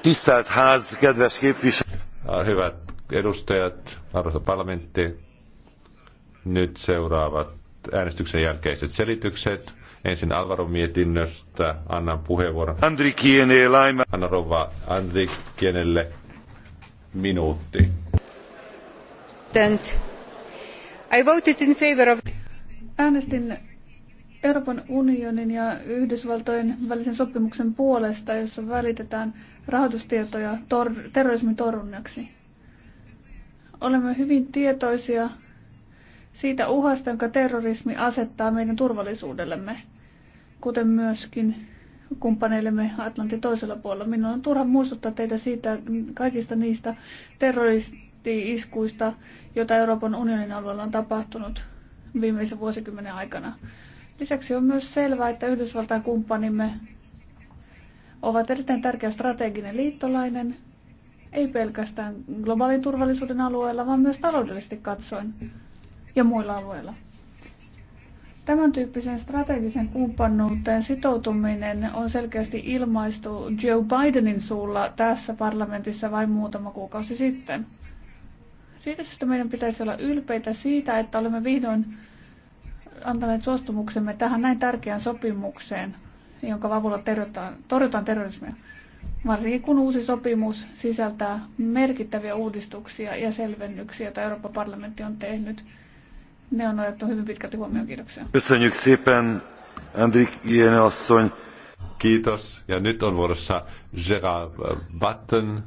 Tisztelt ház, kedves képviselő! Hyvät edustajat, arvoisa parlamentti, nyt seuraavat äänestyksen jälkeiset selitykset. Ensin Alvaro mietinnöstä annan puheenvuoron. Andri Kiene, Laima. Anna rouva Andri Kienelle minuutti. I voted in favor of... Äänestin Euroopan unionin ja Yhdysvaltojen välisen sopimuksen puolesta, jossa välitetään rahoitustietoja tor- terrorismin torjunnaksi. Olemme hyvin tietoisia siitä uhasta, jonka terrorismi asettaa meidän turvallisuudellemme, kuten myöskin kumppaneillemme Atlantin toisella puolella. Minun on turha muistuttaa teitä siitä kaikista niistä terroristi-iskuista, joita Euroopan unionin alueella on tapahtunut viimeisen vuosikymmenen aikana. Lisäksi on myös selvää, että Yhdysvaltain kumppanimme ovat erittäin tärkeä strateginen liittolainen, ei pelkästään globaalin turvallisuuden alueella, vaan myös taloudellisesti katsoen ja muilla alueilla. Tämän tyyppisen strategisen kumppanuuteen sitoutuminen on selkeästi ilmaistu Joe Bidenin suulla tässä parlamentissa vain muutama kuukausi sitten. Siitä syystä meidän pitäisi olla ylpeitä siitä, että olemme vihdoin antaneet suostumuksemme tähän näin tärkeään sopimukseen, jonka avulla terjotaan, torjutaan terrorismia. Varsinkin kun uusi sopimus sisältää merkittäviä uudistuksia ja selvennyksiä, joita Euroopan parlamentti on tehnyt. Ne on otettu hyvin pitkälti huomioon. Kiitoksia. Kiitos. Ja nyt on vuorossa Gerard Batten,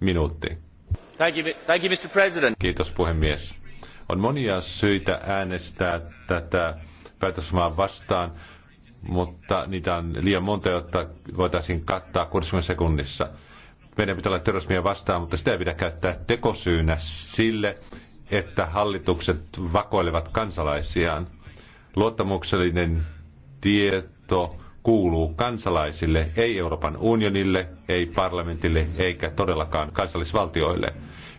minuutti. Thank you, thank you, Mr. President. Kiitos puhemies. On monia syitä äänestää tätä päätösmaa vastaan, mutta niitä on liian monta, jotta voitaisiin kattaa 60 sekunnissa. Meidän pitää olla terrorismia vastaan, mutta sitä ei pidä käyttää tekosyynä sille, että hallitukset vakoilevat kansalaisiaan. Luottamuksellinen tieto kuuluu kansalaisille, ei Euroopan unionille, ei parlamentille eikä todellakaan kansallisvaltioille.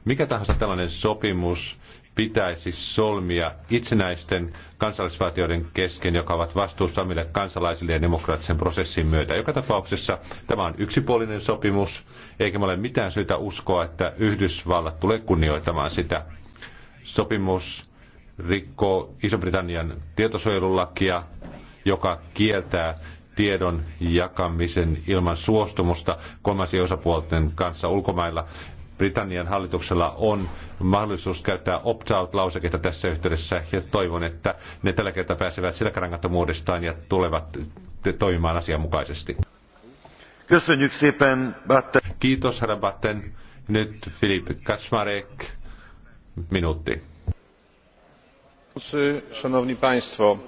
Mikä tahansa tällainen sopimus, pitäisi solmia itsenäisten kansallisvaltioiden kesken, joka ovat vastuussa omille kansalaisille ja demokraattisen prosessin myötä. Joka tapauksessa tämä on yksipuolinen sopimus, eikä ole mitään syytä uskoa, että Yhdysvallat tulee kunnioittamaan sitä. Sopimus rikkoo Iso-Britannian tietosuojelulakia, joka kieltää tiedon jakamisen ilman suostumusta kolmansien osapuolten kanssa ulkomailla Britannian hallituksella on mahdollisuus käyttää opt-out-lauseketta tässä yhteydessä ja toivon, että ne tällä kertaa pääsevät selkärangattomuudestaan ja tulevat toimimaan asianmukaisesti. Kiitos, herra Batten. Nyt Filip Kaczmarek, minuutti. Szanowni Państwo.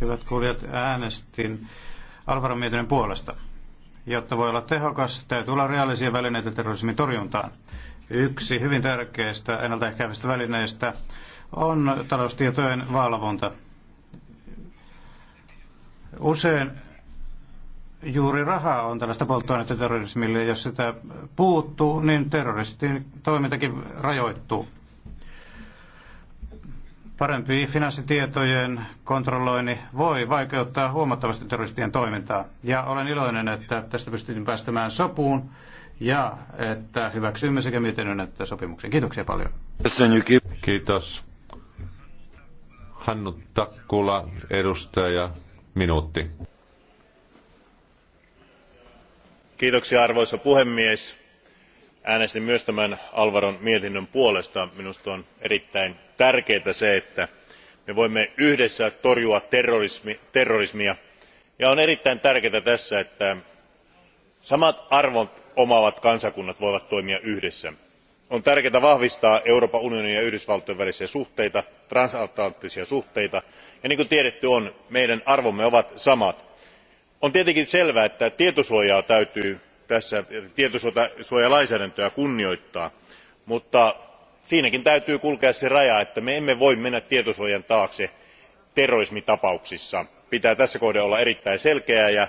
Hyvät kuulijat, äänestin Alvaron mietinnön puolesta. Jotta voi olla tehokas, täytyy olla reaalisia välineitä terrorismin torjuntaan. Yksi hyvin tärkeistä ennaltaehkäisistä välineistä on taloustietojen valvonta. Usein juuri raha on tällaista polttoainetta terrorismille. Jos sitä puuttuu, niin terroristin toimintakin rajoittuu. Parempi finanssitietojen kontrolloinni voi vaikeuttaa huomattavasti terroristien toimintaa. Ja olen iloinen, että tästä pystyttiin päästämään sopuun ja että hyväksymme sekä mietinnön että sopimuksen. Kiitoksia paljon. Kiitos. Hannu Takkula, edustaja, minuutti. Kiitoksia arvoisa puhemies. Äänestin myös tämän Alvaron mietinnön puolesta. Minusta on erittäin tärkeää se, että me voimme yhdessä torjua terrorismi, terrorismia. Ja on erittäin tärkeää tässä, että samat arvot omaavat kansakunnat voivat toimia yhdessä. on tärkeää vahvistaa euroopan unionin ja yhdysvaltojen välisiä suhteita transatlanttisia suhteita ja niin kuin tiedetty on meidän arvomme ovat samat. on tietenkin selvää että tietosuojalainsäädäntöä täytyy kunnioittaa mutta siinäkin täytyy kulkea se raja että me emme voi mennä tietosuojan taakse terrorismitapauksissa. pitää tässä kohden olla erittäin selkeä ja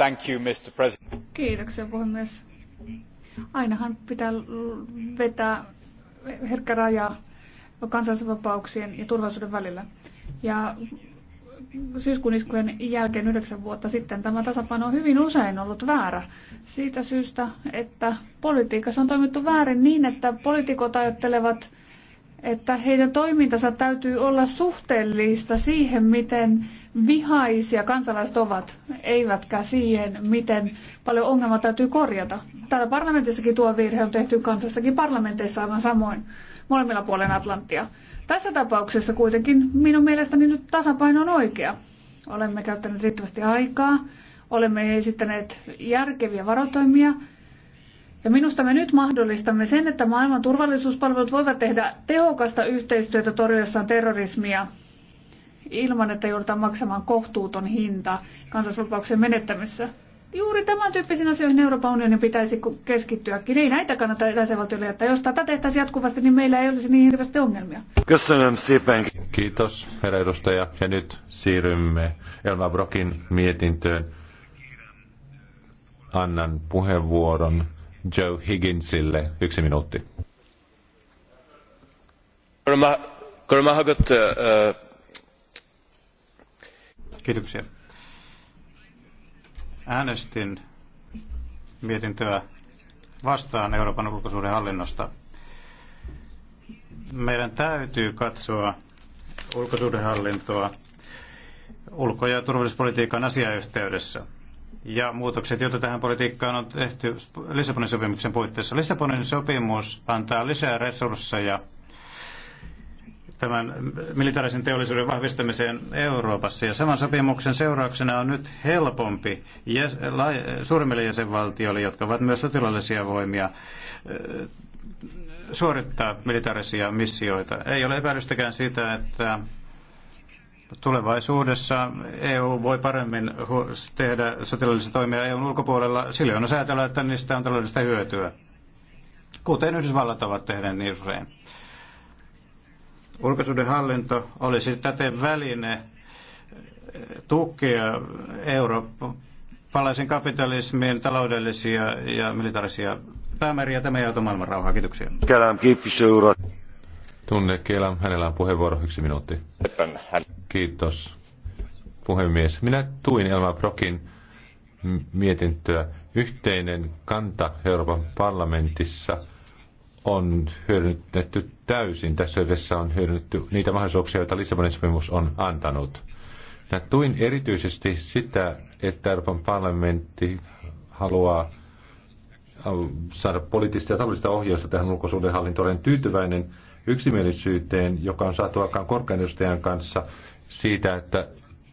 Thank you, Mr. President. Kiitoksia puhemies. Ainahan pitää vetää herkkä raja kansallisvapauksien ja turvallisuuden välillä. Ja syyskuun iskujen jälkeen yhdeksän vuotta sitten tämä tasapaino on hyvin usein ollut väärä. Siitä syystä, että politiikassa on toimittu väärin niin, että poliitikot ajattelevat että heidän toimintansa täytyy olla suhteellista siihen, miten vihaisia kansalaiset ovat, eivätkä siihen, miten paljon ongelmaa täytyy korjata. Täällä parlamentissakin tuo virhe on tehty kansallissakin parlamenteissa aivan samoin molemmilla puolen Atlanttia. Tässä tapauksessa kuitenkin minun mielestäni nyt tasapaino on oikea. Olemme käyttäneet riittävästi aikaa, olemme esittäneet järkeviä varotoimia, ja minusta me nyt mahdollistamme sen, että maailman turvallisuuspalvelut voivat tehdä tehokasta yhteistyötä torjuessaan terrorismia ilman, että joudutaan maksamaan kohtuuton hinta kansallisvapauksien menettämisessä. Juuri tämän tyyppisiin asioihin Euroopan unionin pitäisi keskittyäkin. Ei näitä kannata jäsenvaltioille jättää. Jos tätä tehtäisiin jatkuvasti, niin meillä ei olisi niin hirveästi ongelmia. Kiitos, herra edustaja. Ja nyt siirrymme Elma Brokin mietintöön. Annan puheenvuoron Joe Higginsille. Yksi minuutti. Kiitoksia. Äänestin mietintöä vastaan Euroopan hallinnosta. Meidän täytyy katsoa ulkosuudenhallintoa ulko- ja turvallisuuspolitiikan asiayhteydessä ja muutokset, joita tähän politiikkaan on tehty Lissabonin sopimuksen puitteissa. Lissabonin sopimus antaa lisää resursseja tämän militaarisen teollisuuden vahvistamiseen Euroopassa. Ja saman sopimuksen seurauksena on nyt helpompi jäs, la, suurimmille jäsenvaltioille, jotka ovat myös sotilaallisia voimia, suorittaa militaarisia missioita. Ei ole epäilystäkään sitä, että Tulevaisuudessa EU voi paremmin tehdä sotilaallisia toimia EUn ulkopuolella. Sillä on säätelyä, että niistä on taloudellista hyötyä, kuten Yhdysvallat ovat tehneet niin usein. Ulkosuudenhallinto olisi täten väline tukea eurooppalaisen kapitalismin taloudellisia ja militaarisia päämääriä. Tämä ei auta maailman rauhaa. Kiitoksia. Tunne Kela, hänellä on puheenvuoro, yksi minuutti. Kiitos, puhemies. Minä tuin Elmar Brokin mietintöä. Yhteinen kanta Euroopan parlamentissa on hyödynnetty täysin. Tässä yhdessä on hyödynnetty niitä mahdollisuuksia, joita Lissabonin sopimus on antanut. Minä tuin erityisesti sitä, että Euroopan parlamentti haluaa saada poliittista ja taloudellista ohjausta tähän ulkosuudenhallintoon. Olen tyytyväinen yksimielisyyteen, joka on saatu aikaan korkean edustajan kanssa siitä, että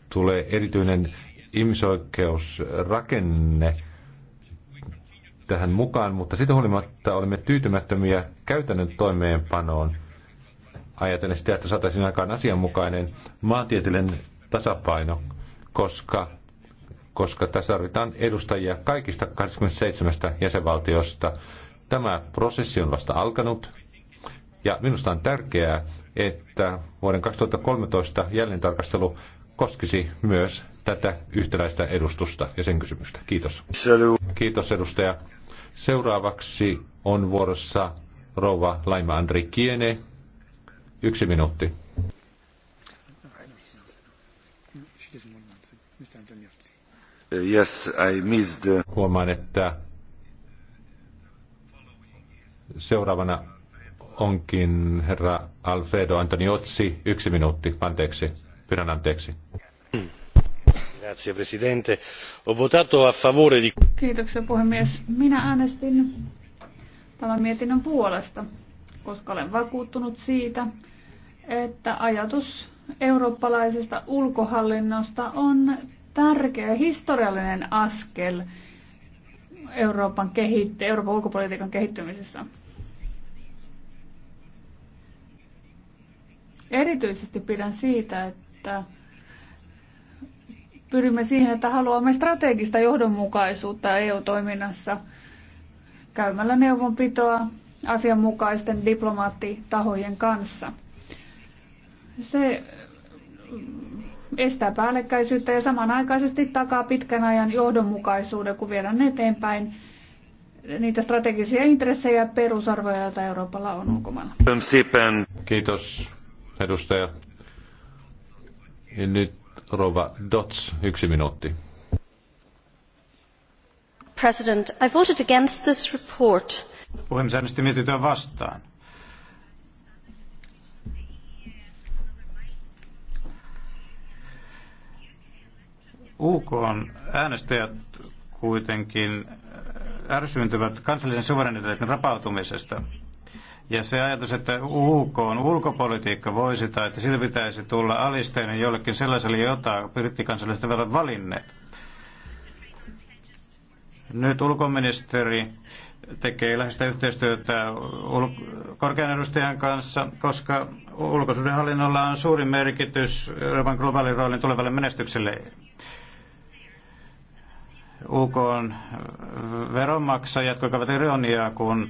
tulee erityinen ihmisoikeusrakenne tähän mukaan, mutta siitä huolimatta olemme tyytymättömiä käytännön toimeenpanoon ajatellen sitä, että saataisiin aikaan asianmukainen maantieteellinen tasapaino, koska, koska tässä tarvitaan edustajia kaikista 27 jäsenvaltiosta. Tämä prosessi on vasta alkanut ja minusta on tärkeää, että vuoden 2013 jäljentarkastelu koskisi myös tätä yhtäläistä edustusta ja sen kysymystä. Kiitos. Kiitos edustaja. Seuraavaksi on vuorossa rouva Laima Andri Kiene. Yksi minuutti. Yes, I missed. Huomaan, että seuraavana onkin herra Alfredo Antoniozzi. Yksi minuutti, anteeksi. Pyydän anteeksi. Kiitoksia puhemies. Minä äänestin tämän mietinnön puolesta, koska olen vakuuttunut siitä, että ajatus eurooppalaisesta ulkohallinnosta on tärkeä historiallinen askel Euroopan, kehitte- Euroopan ulkopolitiikan kehittymisessä. Erityisesti pidän siitä, että pyrimme siihen, että haluamme strategista johdonmukaisuutta EU-toiminnassa käymällä neuvonpitoa asianmukaisten diplomaattitahojen kanssa. Se estää päällekkäisyyttä ja samanaikaisesti takaa pitkän ajan johdonmukaisuuden, kun viedään eteenpäin niitä strategisia intressejä ja perusarvoja, joita Euroopalla on ulkomailla. Kiitos edustaja. Ja nyt Rova Dots, yksi minuutti. President, I voted against this report. Puhemies mietitään vastaan. UK on äänestäjät kuitenkin ärsyyntyvät kansallisen suvereniteetin rapautumisesta. Ja se ajatus, että UK on ulkopolitiikka voisi tai että sillä pitäisi tulla alisteinen jollekin sellaiselle, jota brittikansalliset ovat valinneet. Nyt ulkoministeri tekee läheistä yhteistyötä ul- korkean edustajan kanssa, koska ulkosuhdehallinnolla on suuri merkitys Euroopan globaalin roolin tulevalle menestykselle. UK on veronmaksajat ovat ironiaa, kun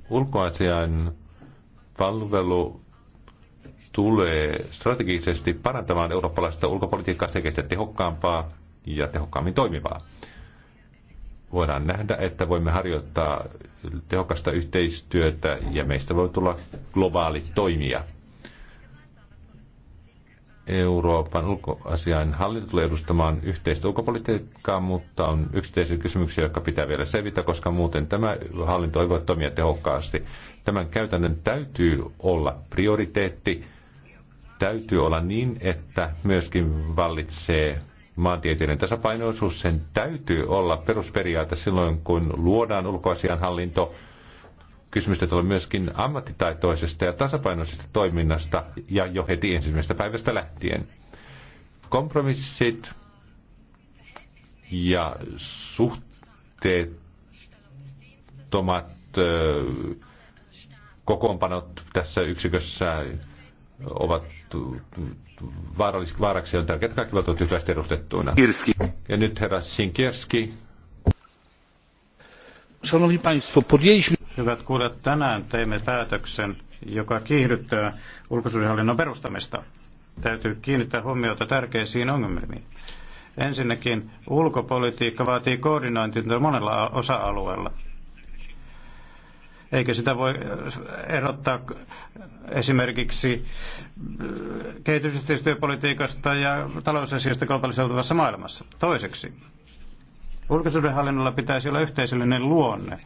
Ulkoasian palvelu tulee strategisesti parantamaan eurooppalaista ulkopolitiikkaa sekä tehokkaampaa ja tehokkaammin toimivaa. Voidaan nähdä, että voimme harjoittaa tehokasta yhteistyötä ja meistä voi tulla globaali toimija. Euroopan ulkoasian hallinto tulee edustamaan yhteistä ulkopolitiikkaa, mutta on yksittäisiä kysymyksiä, jotka pitää vielä selvitä, koska muuten tämä hallinto ei voi toimia tehokkaasti. Tämän käytännön täytyy olla prioriteetti, täytyy olla niin, että myöskin vallitsee maantieteellinen tasapainoisuus. Sen täytyy olla perusperiaate silloin, kun luodaan ulkoasian hallinto – kysymystä tulee myöskin ammattitaitoisesta ja tasapainoisesta toiminnasta ja jo heti ensimmäisestä päivästä lähtien. Kompromissit ja suhteettomat kokoonpanot tässä yksikössä ovat vaarallis- vaaraksi on tärkeää, että kaikki ovat yhdessä edustettuina. Kirski. Ja nyt herra Sinkierski. Szanowni Państwo, podjęliśmy... Hyvät kuulijat, tänään teimme päätöksen, joka kiihdyttää ulkosuudenhallinnon perustamista. Täytyy kiinnittää huomiota tärkeisiin ongelmiin. Ensinnäkin ulkopolitiikka vaatii koordinointia monella osa-alueella. Eikä sitä voi äh, erottaa esimerkiksi äh, kehitysyhteistyöpolitiikasta ja talousasioista globalisoituvassa maailmassa. Toiseksi, Ulkosuudenhallinnolla pitäisi olla yhteisöllinen luonne.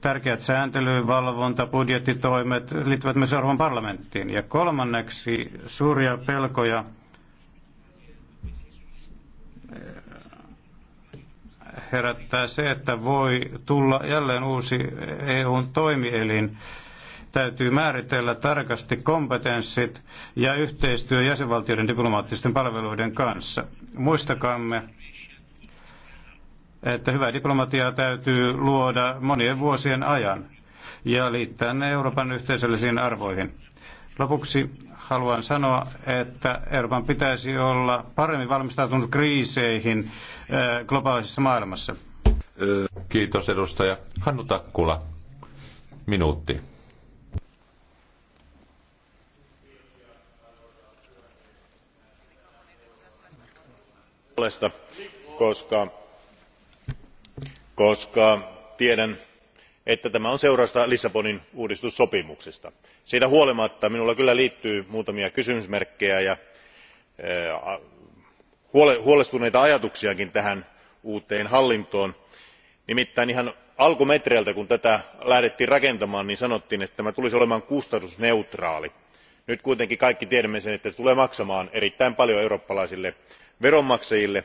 Tärkeät sääntely, valvonta, budjettitoimet liittyvät myös Euroopan parlamenttiin. Ja kolmanneksi suuria pelkoja eh, herättää se, että voi tulla jälleen uusi EUn toimielin. Täytyy määritellä tarkasti kompetenssit ja yhteistyö jäsenvaltioiden diplomaattisten palveluiden kanssa. Muistakaamme, että hyvä diplomatia täytyy luoda monien vuosien ajan ja liittää ne Euroopan yhteisöllisiin arvoihin. Lopuksi haluan sanoa, että Euroopan pitäisi olla paremmin valmistautunut kriiseihin globaalisessa maailmassa. Kiitos edustaja. Hannu Takkula, minuutti. koska koska tiedän että tämä on seurausta lissabonin uudistussopimuksesta. siitä huolimatta minulla kyllä liittyy muutamia kysymysmerkkejä ja huolestuneita ajatuksiakin tähän uuteen hallintoon. nimittäin ihan alkumetreiltä kun tätä lähdettiin rakentamaan niin sanottiin että tämä tulisi olemaan kustannusneutraali. nyt kuitenkin kaikki tiedämme sen että se tulee maksamaan erittäin paljon eurooppalaisille veronmaksajille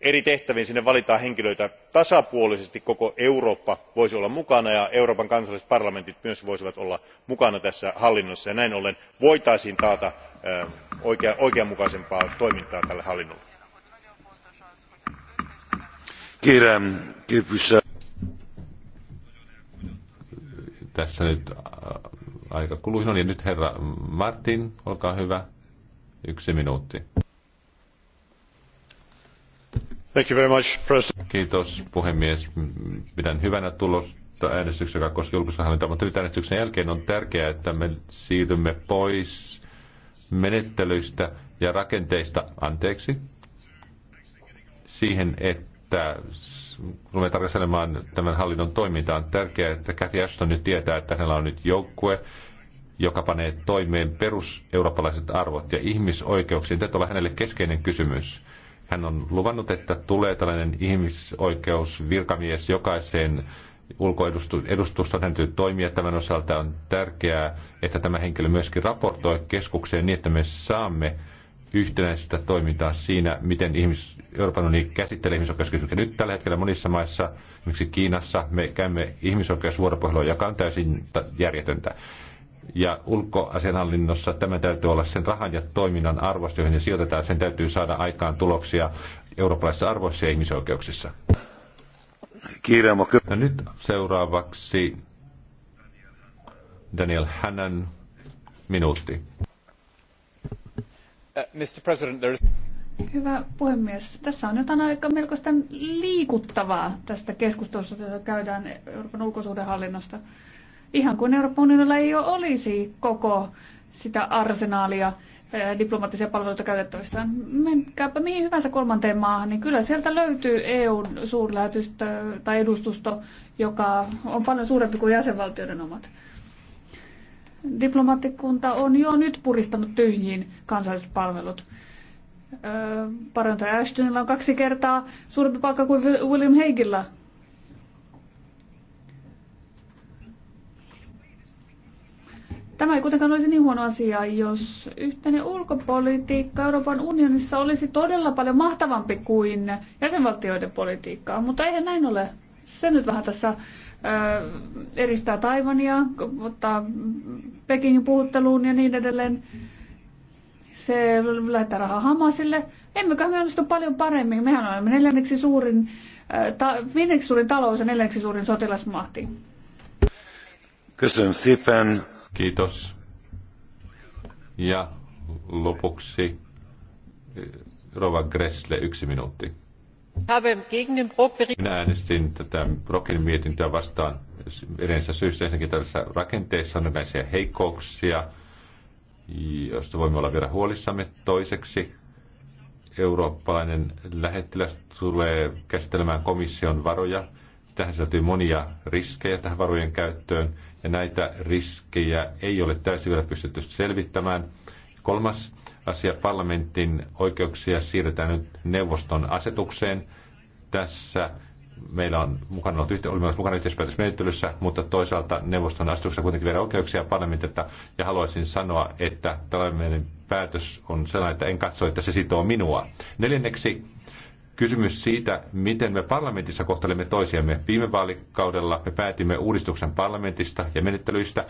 eri tehtäviin sinne valitaan henkilöitä tasapuolisesti koko eurooppa voisi olla mukana ja euroopan kansalliset parlamentit myös voisivat olla mukana tässä hallinnossa ja näin ollen voitaisiin taata oikeanmukaisempaa toimintaa tälle hallinnolle. Tässä nyt aika kului. nyt herra Martin, hyvä. Yksi Kiitos puhemies. Pidän hyvänä tulosta äänestyksessä joka koski julkista hallintoa, mutta nyt äänestyksen jälkeen on tärkeää, että me siirrymme pois menettelyistä ja rakenteista, anteeksi, siihen, että me tarkastelemaan tämän hallinnon toimintaa. On tärkeää, että Cathy Ashton nyt tietää, että hänellä on nyt joukkue, joka panee toimeen peruseurooppalaiset arvot ja ihmisoikeuksien. Tätä on hänelle keskeinen kysymys hän on luvannut, että tulee tällainen ihmisoikeusvirkamies jokaiseen ulkoedustuston hän täytyy toimia tämän osalta. On tärkeää, että tämä henkilö myöskin raportoi keskukseen niin, että me saamme yhtenäistä toimintaa siinä, miten ihmis, Euroopan unioni käsittelee ihmisoikeuskysymyksiä. Nyt tällä hetkellä monissa maissa, esimerkiksi Kiinassa, me käymme ihmisoikeusvuoropuhelua, joka on täysin järjetöntä ja ulkoasianhallinnossa tämä täytyy olla sen rahan ja toiminnan arvosta, johon ne sijoitetaan. Sen täytyy saada aikaan tuloksia eurooppalaisissa arvoissa ja ihmisoikeuksissa. No nyt seuraavaksi Daniel Hannan minuutti. Uh, Mr. President, there is... Hyvä puhemies. Tässä on jotain aika melkoista liikuttavaa tästä keskustelusta, jota käydään Euroopan ulkosuhdehallinnosta. Ihan kuin Euroopan unionilla ei ole olisi koko sitä arsenaalia diplomaattisia palveluita käytettävissä. Menkääpä mihin hyvänsä kolmanteen maahan, niin kyllä sieltä löytyy EUn suurlähetystö tai edustusto, joka on paljon suurempi kuin jäsenvaltioiden omat. Diplomaattikunta on jo nyt puristanut tyhjiin kansalliset palvelut. Parantaja Ashtonilla on kaksi kertaa suurempi palkka kuin William Heigillä Tämä ei kuitenkaan olisi niin huono asia, jos yhteinen ulkopolitiikka Euroopan unionissa olisi todella paljon mahtavampi kuin jäsenvaltioiden politiikkaa, mutta eihän näin ole. Se nyt vähän tässä ö, eristää Taivania, ottaa Pekingin puhutteluun ja niin edelleen. Se lähettää rahaa Hamasille. Emmekä me onnistu paljon paremmin. Mehän olemme neljänneksi suurin, ta, viidenneksi suurin talous ja neljänneksi suurin sotilasmahti. Kysyn Sipen Kiitos. Ja lopuksi Rova Gressle, yksi minuutti. Minä äänestin tätä Brokin mietintöä vastaan edensä syystä. Ensinnäkin tässä rakenteessa on näisiä heikkouksia, joista voimme olla vielä huolissamme. Toiseksi eurooppalainen lähettiläs tulee käsittelemään komission varoja. Tähän sisältyy monia riskejä tähän varojen käyttöön ja näitä riskejä ei ole täysin vielä pystytty selvittämään. Kolmas asia, parlamentin oikeuksia siirretään nyt neuvoston asetukseen. Tässä meillä on mukana ollut yhte, olimme mukana yhteispäätösmenettelyssä, mutta toisaalta neuvoston asetuksessa kuitenkin vielä oikeuksia parlamentilta. Ja haluaisin sanoa, että tällainen päätös on sellainen, että en katso, että se sitoo minua. Neljänneksi kysymys siitä, miten me parlamentissa kohtelemme toisiamme. Viime vaalikaudella me päätimme uudistuksen parlamentista ja menettelyistä,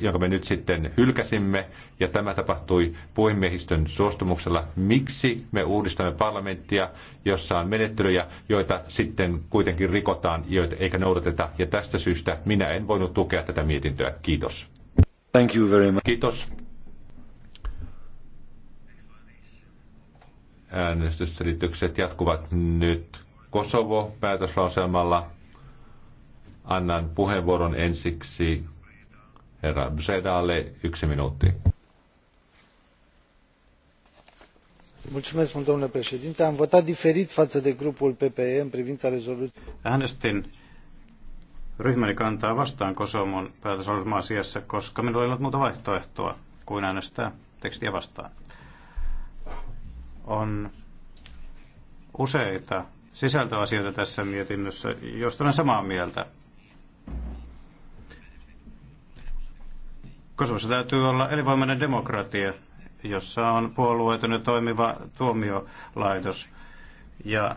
jonka me nyt sitten hylkäsimme, ja tämä tapahtui puhemiehistön suostumuksella. Miksi me uudistamme parlamenttia, jossa on menettelyjä, joita sitten kuitenkin rikotaan joita eikä noudateta, ja tästä syystä minä en voinut tukea tätä mietintöä. Kiitos. Thank you very much. Kiitos. äänestysselitykset jatkuvat nyt Kosovo-päätöslauselmalla. Annan puheenvuoron ensiksi herra Bzedalle yksi minuutti. am votat diferit față de grupul ppe în privința rezoluției. Äänestin ryhmäni kantaa vastaan Kosovon päätöslauselma-asiassa, koska minulla ei ollut muuta vaihtoehtoa kuin äänestää tekstiä vastaan on useita sisältöasioita tässä mietinnössä, joista olen samaa mieltä. Kosovossa täytyy olla elinvoimainen demokratia, jossa on puolueeton toimiva tuomiolaitos ja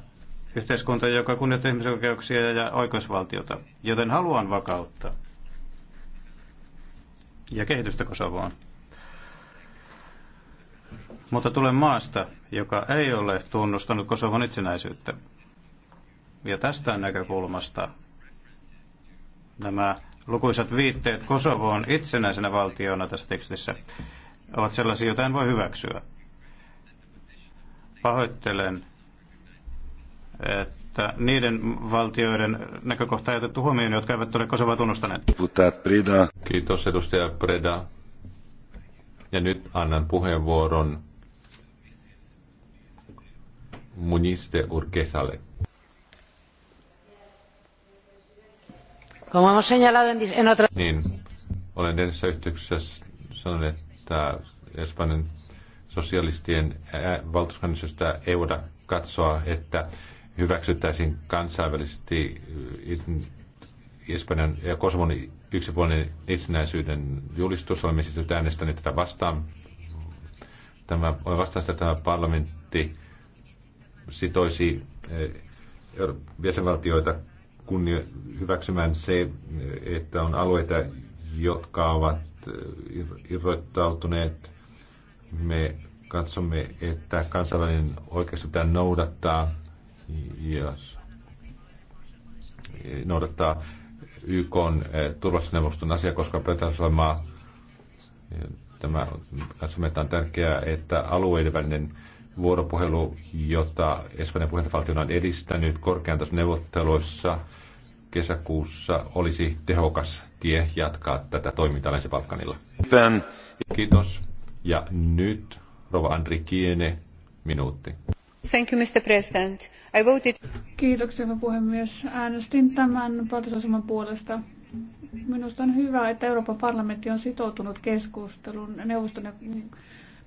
yhteiskunta, joka kunnioittaa ihmisoikeuksia ja oikeusvaltiota, joten haluan vakautta ja kehitystä Kosovoon mutta tulen maasta, joka ei ole tunnustanut Kosovon itsenäisyyttä. Ja tästä näkökulmasta nämä lukuisat viitteet Kosovoon itsenäisenä valtiona tässä tekstissä ovat sellaisia, joita en voi hyväksyä. Pahoittelen, että niiden valtioiden näkökohta ei otettu huomioon, jotka eivät ole Kosovaa tunnustaneet. Kiitos edustaja Preda. Ja nyt annan puheenvuoron Muniz de Urquezalle. Como hemos señalado en, en otro... Niin, olen edessä yhteyksessä sanonut, että Espanjan sosialistien valtuuskannisesta ei voida katsoa, että hyväksyttäisiin kansainvälisesti Espanjan ja Kosovon yksipuolinen itsenäisyyden julistus. Olemme siis äänestäneet tätä vastaan. Tämä, olen vastaan sitä, että tämä parlamentti sitoisi eh, jäsenvaltioita kunnia, hyväksymään se, eh, että on alueita, jotka ovat eh, irrottautuneet. Me katsomme, että kansainvälinen oikeus pitää noudattaa, yes. noudattaa YK turvallisuusneuvoston asia, koska pöytäohjelmaa tämä, katsomme, että on tärkeää, että alueiden välinen vuoropuhelu, jota Espanjan puheenjohtajavaltio on edistänyt korkean neuvotteluissa kesäkuussa, olisi tehokas tie jatkaa tätä toimintaa Länsi-Balkanilla. Kiitos. Ja nyt Rova Andri Kiene, minuutti. Thank you, Mr. President. I voted... Kiitoksia, hyvä puhemies. Äänestin tämän päätösaseman puolesta. Minusta on hyvä, että Euroopan parlamentti on sitoutunut keskusteluun neuvoston ja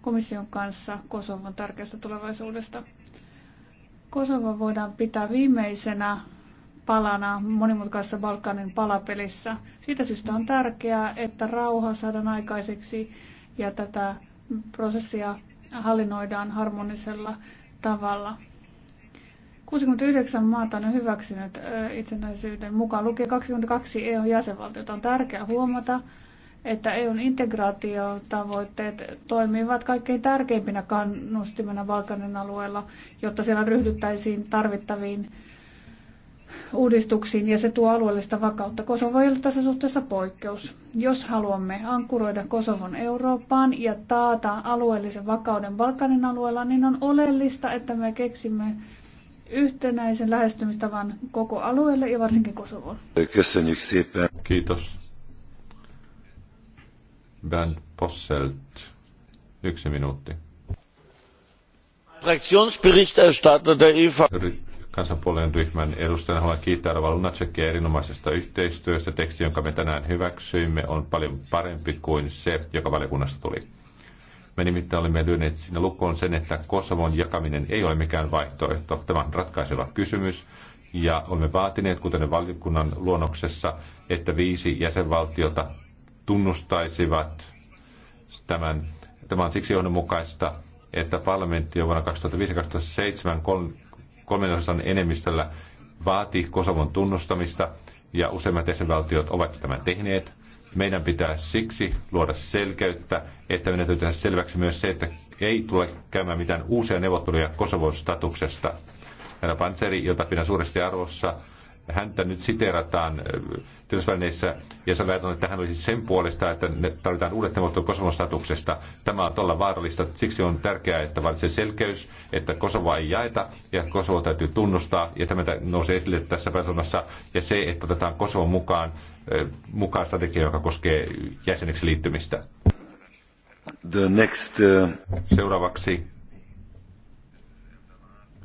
komission kanssa Kosovon tärkeästä tulevaisuudesta. Kosovo voidaan pitää viimeisenä palana monimutkaisessa Balkanin palapelissä. Siitä syystä on tärkeää, että rauha saadaan aikaiseksi ja tätä prosessia hallinnoidaan harmonisella tavalla. 69 maata on hyväksynyt itsenäisyyden mukaan lukien 22 EU-jäsenvaltiota. On tärkeää huomata, että EUn integraatiotavoitteet toimivat kaikkein tärkeimpinä kannustimena Balkanin alueella, jotta siellä ryhdyttäisiin tarvittaviin uudistuksiin ja se tuo alueellista vakautta. Kosovo ei ole tässä suhteessa poikkeus. Jos haluamme ankkuroida Kosovon Eurooppaan ja taata alueellisen vakauden Balkanin alueella, niin on oleellista, että me keksimme yhtenäisen lähestymistavan koko alueelle ja varsinkin Kosovoon. Kiitos. Bernd Posselt, yksi minuutti. Fraktionsberichterstatter der EV. Kansanpuolen ryhmän edustajana haluan kiittää Rova Lunacekia erinomaisesta yhteistyöstä. Teksti, jonka me tänään hyväksyimme, on paljon parempi kuin se, joka valiokunnasta tuli. Me nimittäin olemme lyöneet siinä lukkoon sen, että Kosovon jakaminen ei ole mikään vaihtoehto. Tämä on ratkaiseva kysymys. Ja olemme vaatineet, kuten valiokunnan luonnoksessa, että viisi jäsenvaltiota tunnustaisivat tämän. Tämä on siksi johdonmukaista, että parlamentti jo vuonna 2005-2007 kolmen osan enemmistöllä vaati Kosovon tunnustamista ja useimmat jäsenvaltiot ovat tämän tehneet. Meidän pitää siksi luoda selkeyttä, että meidän täytyy tehdä selväksi myös se, että ei tule käymään mitään uusia neuvotteluja Kosovon statuksesta. Herra Panseri, jota pidän suuresti arvossa, häntä nyt siteerataan äh, tiedotusvälineissä ja se väitän, että hän olisi sen puolesta, että ne tarvitaan uudet neuvottelut Kosovon statuksesta. Tämä on todella vaarallista. Siksi on tärkeää, että valitsee selkeys, että Kosovoa ei jaeta ja Kosovo täytyy tunnustaa. Ja tämä nousee esille tässä päätelmässä, Ja se, että otetaan Kosovo mukaan, äh, mukaan strategia, joka koskee jäseneksi liittymistä. The next, uh... Seuraavaksi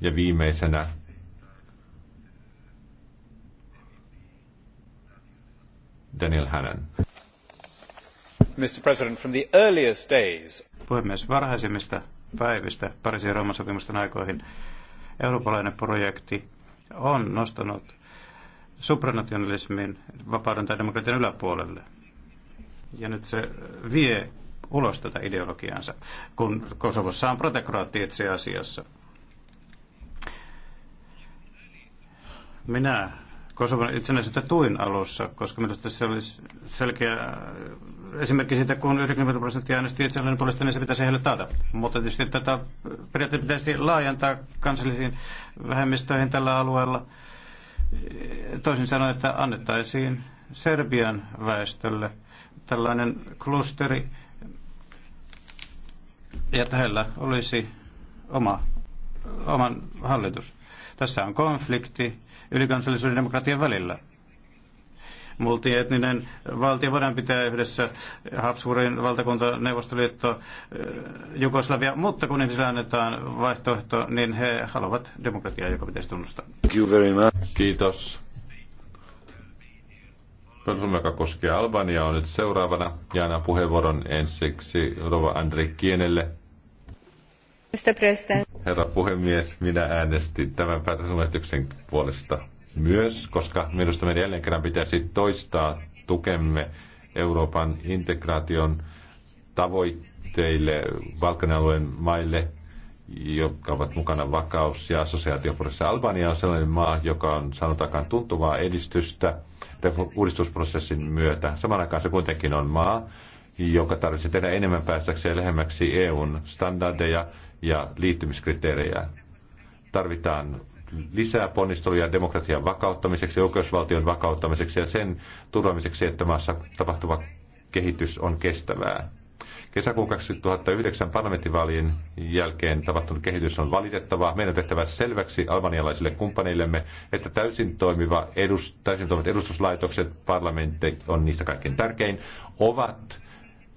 ja viimeisenä Daniel Puhemies, varhaisimmista päivistä Pariisin Rooman sopimusten aikoihin eurooppalainen projekti on nostanut supranationalismin vapauden tai demokratian yläpuolelle. Ja nyt se vie ulos tätä ideologiaansa, kun Kosovossa on protekroatti itse asiassa. Minä Kosovon itsenäisyyttä tuin alussa, koska minusta se olisi selkeä esimerkki siitä, kun 90 prosenttia äänesti itsenäinen puolesta, niin se pitäisi heille taata. Mutta tietysti tätä periaatteessa pitäisi laajentaa kansallisiin vähemmistöihin tällä alueella. Toisin sanoen, että annettaisiin Serbian väestölle tällainen klusteri, ja että heillä olisi oma, oman hallitus. Tässä on konflikti, ja demokratian välillä. Multietninen valtio voidaan pitää yhdessä Habsburgin valtakunta, Neuvostoliitto, eh, Jugoslavia, mutta kun ihmisille annetaan vaihtoehto, niin he haluavat demokratiaa, joka pitäisi tunnustaa. Kiitos. Perusoma, koskee Albania, on nyt seuraavana. Ja puheenvuoron ensiksi Rova Andri Kienelle. Mr. President herra puhemies. Minä äänestin tämän päätösomaistuksen puolesta myös, koska minusta meidän jälleen kerran pitäisi toistaa tukemme Euroopan integraation tavoitteille Balkanin alueen maille, jotka ovat mukana vakaus- ja assosiaatioprosessissa. Albania on sellainen maa, joka on sanotaankaan tuntuvaa edistystä uudistusprosessin myötä. Samaan aikaan se kuitenkin on maa, jonka tarvitsee tehdä enemmän päästäkseen lähemmäksi EUn standardeja ja liittymiskriteerejä. Tarvitaan lisää ponnisteluja demokratian vakauttamiseksi, oikeusvaltion vakauttamiseksi ja sen turvamiseksi, että maassa tapahtuva kehitys on kestävää. Kesäkuun 2009 parlamenttivaalien jälkeen tapahtunut kehitys on valitettavaa. Meidän on tehtävä selväksi albanialaisille kumppaneillemme, että täysin, toimiva edus, täysin toimivat edustuslaitokset, parlamentti on niistä kaikkein tärkein, ovat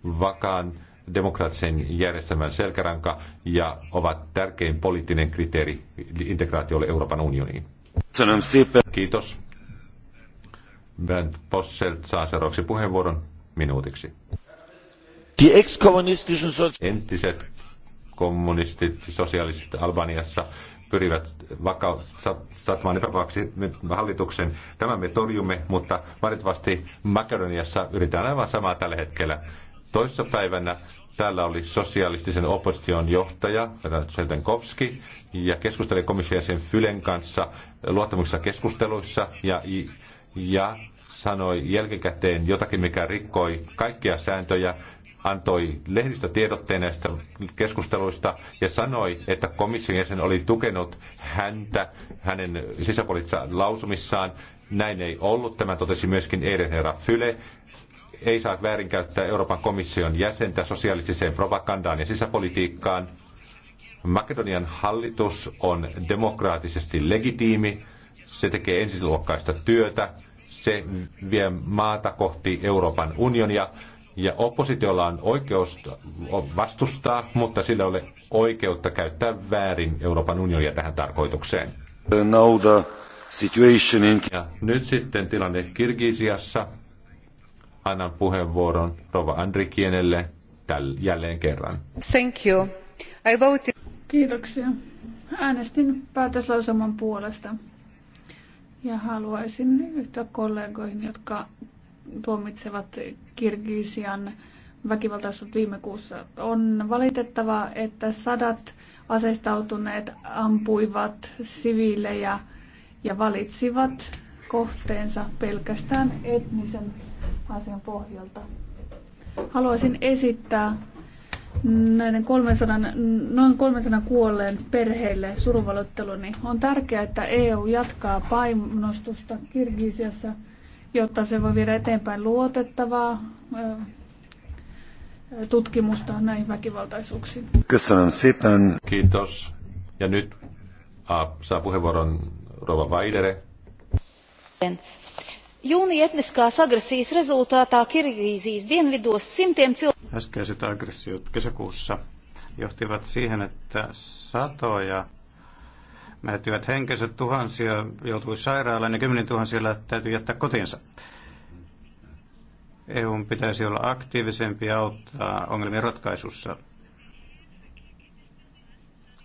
vakaan demokraattisen järjestelmän selkäranka ja ovat tärkein poliittinen kriteeri integraatiolle Euroopan unioniin. Kiitos. Bernd Posselt saa seuraavaksi puheenvuoron minuutiksi. Entiset kommunistit, sosialistit Albaniassa pyrivät vaka- saattamaan hallituksen. Tämän me torjumme, mutta valitettavasti Makedoniassa yritetään aivan samaa tällä hetkellä. Toissapäivänä täällä oli sosialistisen opposition johtaja Seltenkovski ja keskusteli komission sen Fylen kanssa luottamuksessa keskusteluissa ja, ja sanoi jälkikäteen jotakin, mikä rikkoi kaikkia sääntöjä, antoi lehdistötiedotteen näistä keskusteluista ja sanoi, että komission jäsen oli tukenut häntä hänen sisäpoliittisessa lausumissaan. Näin ei ollut. Tämä totesi myöskin eilen herra Fyle ei saa väärinkäyttää Euroopan komission jäsentä sosiaalistiseen propagandaan ja sisäpolitiikkaan. Makedonian hallitus on demokraattisesti legitiimi, se tekee ensisluokkaista työtä, se vie maata kohti Euroopan unionia ja oppositiolla on oikeus vastustaa, mutta sillä ei ole oikeutta käyttää väärin Euroopan unionia tähän tarkoitukseen. Ja nyt sitten tilanne Kirgisiassa annan puheenvuoron tova Andrikienelle jälleen kerran. Thank you. I voted... Kiitoksia. Äänestin päätöslauselman puolesta ja haluaisin yhtyä kollegoihin, jotka tuomitsevat Kirgisian väkivaltaisuudet viime kuussa. On valitettavaa, että sadat aseistautuneet ampuivat siviilejä ja valitsivat kohteensa pelkästään etnisen asian pohjalta. Haluaisin esittää näiden 300, noin 300 kuolleen perheille surunvalotteluni. On tärkeää, että EU jatkaa painostusta Kirgisiassa, jotta se voi viedä eteenpäin luotettavaa tutkimusta näihin väkivaltaisuuksiin. Kiitos. Ja nyt saa puheenvuoron Rova Vaidere Jūnija etniskās agresijas rezultātā Kirgīzijas dienvidos simtiem cilvēku... Äskeiset agresijot kesäkuussa johtivat siihen, että satoja menettivät henkensä tuhansia, joutui sairaalaan ja kymmenen tuhansia täytyy jättää kotiinsa. EUn pitäisi olla aktiivisempi ja auttaa ongelmien ratkaisussa.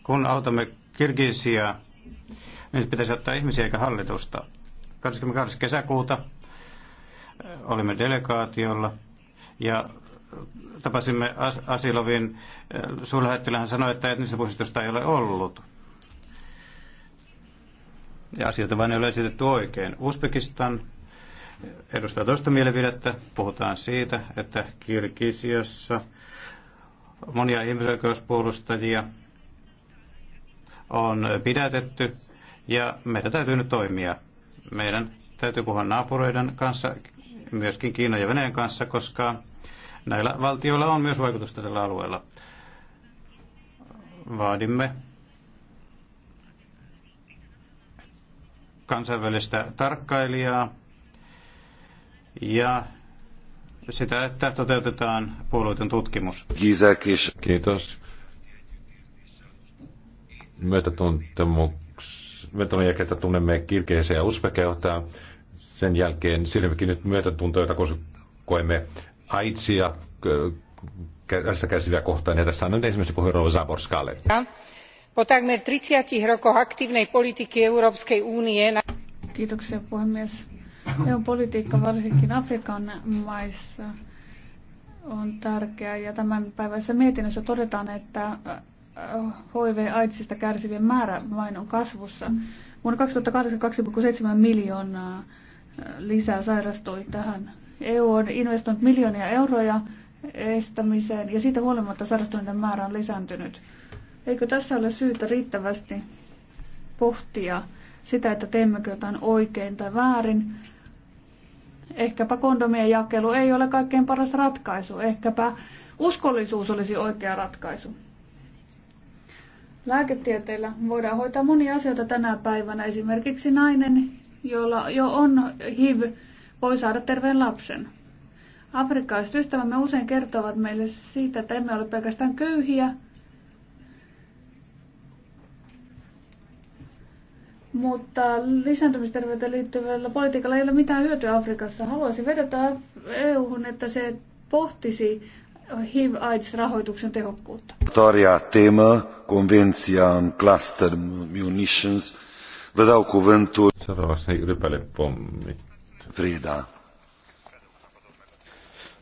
Kun autamme Kirgisia, niin pitäisi ottaa ihmisiä eikä hallitusta. 22. kesäkuuta olimme delegaatiolla ja tapasimme As- Asilovin suurlähettilähän sanoi, että etnistä puhdistusta ei ole ollut. Ja asioita vain ei ole esitetty oikein. Uzbekistan edustaa toista mielipidettä. Puhutaan siitä, että Kirgisiassa monia ihmisoikeuspuolustajia on pidätetty ja meidän täytyy nyt toimia. Meidän täytyy puhua naapureiden kanssa, myöskin Kiinan ja Venäjän kanssa, koska näillä valtioilla on myös vaikutusta tällä alueella. Vaadimme kansainvälistä tarkkailijaa ja sitä, että toteutetaan puolueiden tutkimus. Kiitos. Myötätuntemuks Ventonin jälkeen, että tunnemme Kirkeisiä ja uspekeuttaa. Sen jälkeen silmäkin nyt myötätuntoa, jota koemme Aitsia tässä käsiviä kohtaan. Ja tässä on nyt ensimmäisen puheenvuoron Zaborskalle. Po takmer 30 rokoch aktívnej politiky Európskej únie... Kiitoksia puhemies. eu politiikka varsinkin Afrikan maissa on tärkeää ja tämän päivässä mietinnössä todetaan, että HIV-AIDSista kärsivien määrä vain on kasvussa. Vuonna 2008 2,7 miljoonaa äh, lisää sairastui tähän. EU on investoinut miljoonia euroja estämiseen ja siitä huolimatta sairastuneiden määrä on lisääntynyt. Eikö tässä ole syytä riittävästi pohtia sitä, että teemmekö jotain oikein tai väärin? Ehkäpä kondomien jakelu ei ole kaikkein paras ratkaisu. Ehkäpä uskollisuus olisi oikea ratkaisu. Lääketieteellä voidaan hoitaa monia asioita tänä päivänä. Esimerkiksi nainen, jolla jo on HIV, voi saada terveen lapsen. Afrikkalaiset ystävämme usein kertovat meille siitä, että emme ole pelkästään köyhiä, Mutta lisääntymisterveyteen liittyvällä politiikalla ei ole mitään hyötyä Afrikassa. Haluaisin vedota EU-hun, että se pohtisi HIV-AIDS-rahoituksen tehokkuutta. Toria tema, Convenția Cluster Munitions. Vă dau cuvântul. Seuraavaksi rypälepommit. Frida.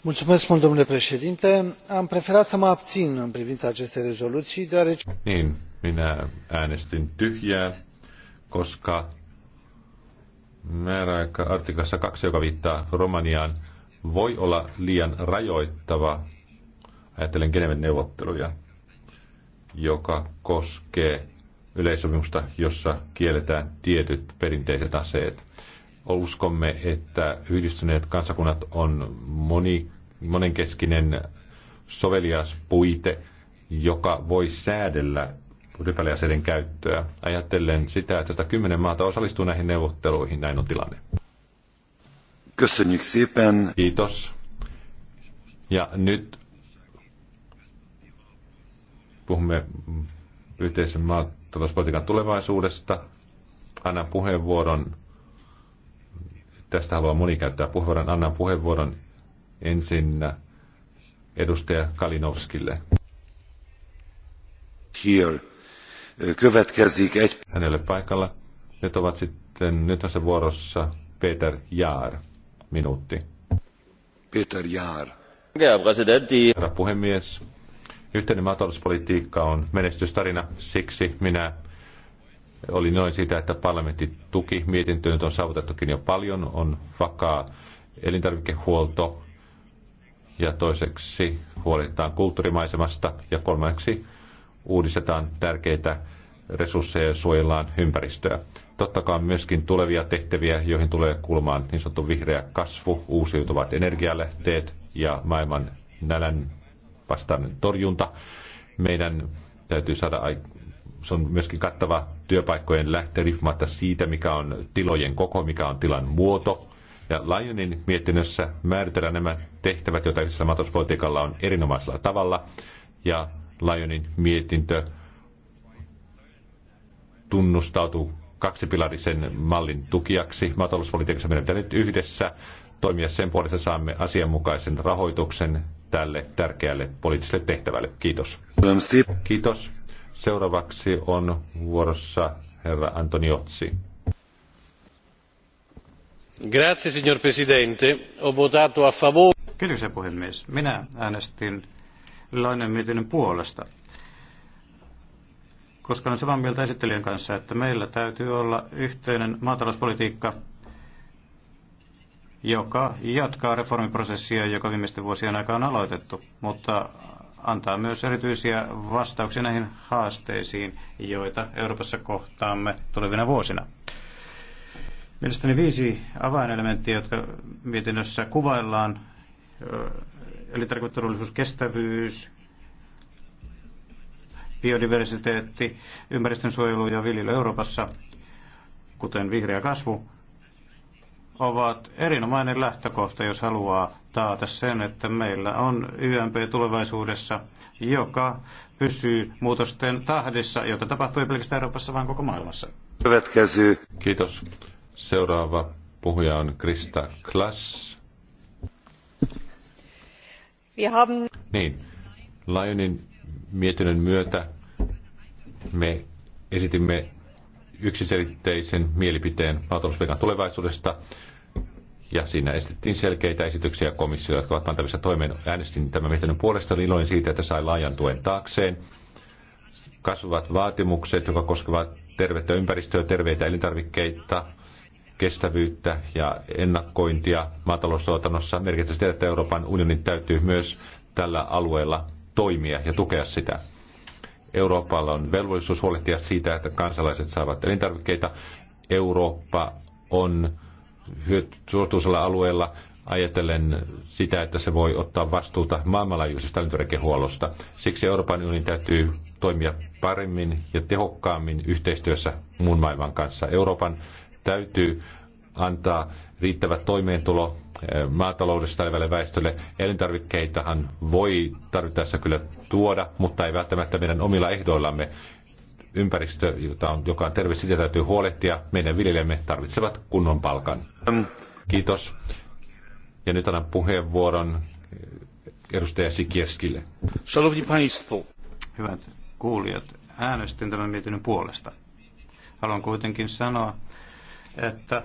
Mulțumesc mult, domnule președinte. Am preferat să mă abțin în privința acestei rezoluții, deoarece... Niin, minä äänestin tyhjää, koska määräaika artiklassa 2, joka viittaa Romaniaan, voi olla liian rajoittava Ajattelen Geneven neuvotteluja, joka koskee yleissopimusta, jossa kielletään tietyt perinteiset aseet. Uskomme, että yhdistyneet kansakunnat on moni, monenkeskinen sovelias puite, joka voi säädellä rypäliaseiden käyttöä. Ajattelen sitä, että tästä kymmenen maata osallistuu näihin neuvotteluihin, näin on tilanne. Kiitos. Ja nyt puhumme yhteisen maatalouspolitiikan tulevaisuudesta. Annan puheenvuoron, tästä haluaa moni käyttää puheenvuoron, annan puheenvuoron ensin edustaja Kalinovskille. Here. Hänelle paikalla. Nyt, ovat sitten, nyt on se vuorossa Peter Jaar. Minuutti. Peter Jaar. Herra puhemies, Yhteinen maatalouspolitiikka on menestystarina, siksi minä olin noin sitä, että parlamentti tuki mietintöön, on saavutettukin jo paljon, on vakaa elintarvikehuolto ja toiseksi huolehditaan kulttuurimaisemasta ja kolmanneksi uudistetaan tärkeitä resursseja ja suojellaan ympäristöä. Totta kai myöskin tulevia tehtäviä, joihin tulee kulmaan niin sanottu vihreä kasvu, uusiutuvat energialähteet ja maailman nälän vastainen torjunta. Meidän täytyy saada, se on myöskin kattava työpaikkojen lähtö riippumatta siitä, mikä on tilojen koko, mikä on tilan muoto. Ja Lionin mietinnössä määritellään nämä tehtävät, joita yhdessä maatalouspolitiikalla on erinomaisella tavalla. Ja Lionin mietintö tunnustautuu kaksipilarisen mallin tukijaksi maatalouspolitiikassa. Meidän pitää nyt yhdessä toimia sen puolesta, saamme asianmukaisen rahoituksen tälle tärkeälle poliittiselle tehtävälle. Kiitos. Kiitos. Seuraavaksi on vuorossa herra Otsi. Grazie, signor Presidente. Ho votato a favore. Kiitos, puhemies. Minä äänestin Lainen mietinnön puolesta, koska olen samaa mieltä esittelijän kanssa, että meillä täytyy olla yhteinen maatalouspolitiikka joka jatkaa reformiprosessia, joka viimeisten vuosien aikana on aloitettu, mutta antaa myös erityisiä vastauksia näihin haasteisiin, joita Euroopassa kohtaamme tulevina vuosina. Mielestäni viisi avainelementtiä, jotka mietinnössä kuvaillaan, eli tarkoitusturvallisuus, kestävyys, biodiversiteetti, ympäristönsuojelu ja viljely Euroopassa, kuten vihreä kasvu, ovat erinomainen lähtökohta, jos haluaa taata sen, että meillä on YMP tulevaisuudessa, joka pysyy muutosten tahdissa, jota tapahtuu ei pelkästään Euroopassa, vaan koko maailmassa. Kiitos. Seuraava puhuja on Krista Klass. Haben... Niin. Lionin mietinnön myötä me esitimme yksiselitteisen mielipiteen maatalouspolitiikan tulevaisuudesta. Ja siinä esitettiin selkeitä esityksiä komissiolle, jotka ovat pantavissa toimeen. Äänestin tämän mietinnön puolesta. Olin iloinen siitä, että sai laajan tuen taakseen. Kasvavat vaatimukset, jotka koskevat tervettä ympäristöä, terveitä elintarvikkeita, kestävyyttä ja ennakkointia maataloustuotannossa merkitystä, että Euroopan unionin täytyy myös tällä alueella toimia ja tukea sitä. Euroopalla on velvollisuus huolehtia siitä, että kansalaiset saavat elintarvikkeita. Eurooppa on suostuisella alueella ajatellen sitä, että se voi ottaa vastuuta maailmanlaajuisesta elintarvikehuollosta. Siksi Euroopan unionin täytyy toimia paremmin ja tehokkaammin yhteistyössä muun maailman kanssa. Euroopan täytyy antaa riittävä toimeentulo eh, maataloudessa elävälle väestölle. Elintarvikkeitahan voi tarvittaessa kyllä tuoda, mutta ei välttämättä meidän omilla ehdoillamme. Ympäristö, jota on, joka on terve, sitä täytyy huolehtia. Meidän viljelijämme tarvitsevat kunnon palkan. Kiitos. Ja nyt annan puheenvuoron eh, edustaja Sikierskille. Hyvät kuulijat, äänestin tämän mietinnön puolesta. Haluan kuitenkin sanoa, että